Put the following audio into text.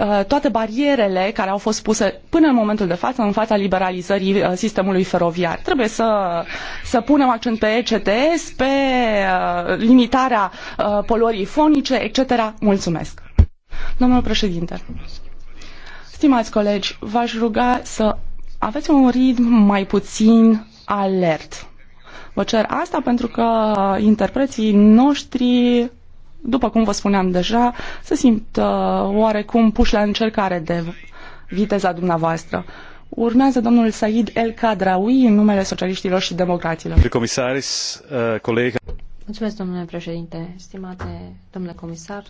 Uh, toate barierele care au fost puse până în momentul de față în fața liberalizării uh, sistemului feroviar. Trebuie să, să punem accent pe ECTS, pe uh, limitarea poluării fonice, etc. Mulțumesc. Domnul președinte, stimați colegi, v-aș ruga să aveți un ritm mai puțin alert. Vă cer asta pentru că interpreții noștri după cum vă spuneam deja, se simt uh, oarecum puși la încercare de viteza dumneavoastră. Urmează domnul Said El Kadraoui în numele socialiștilor și democraților. Comisaris, uh, colega. Mulțumesc, domnule președinte, stimate domnule comisar,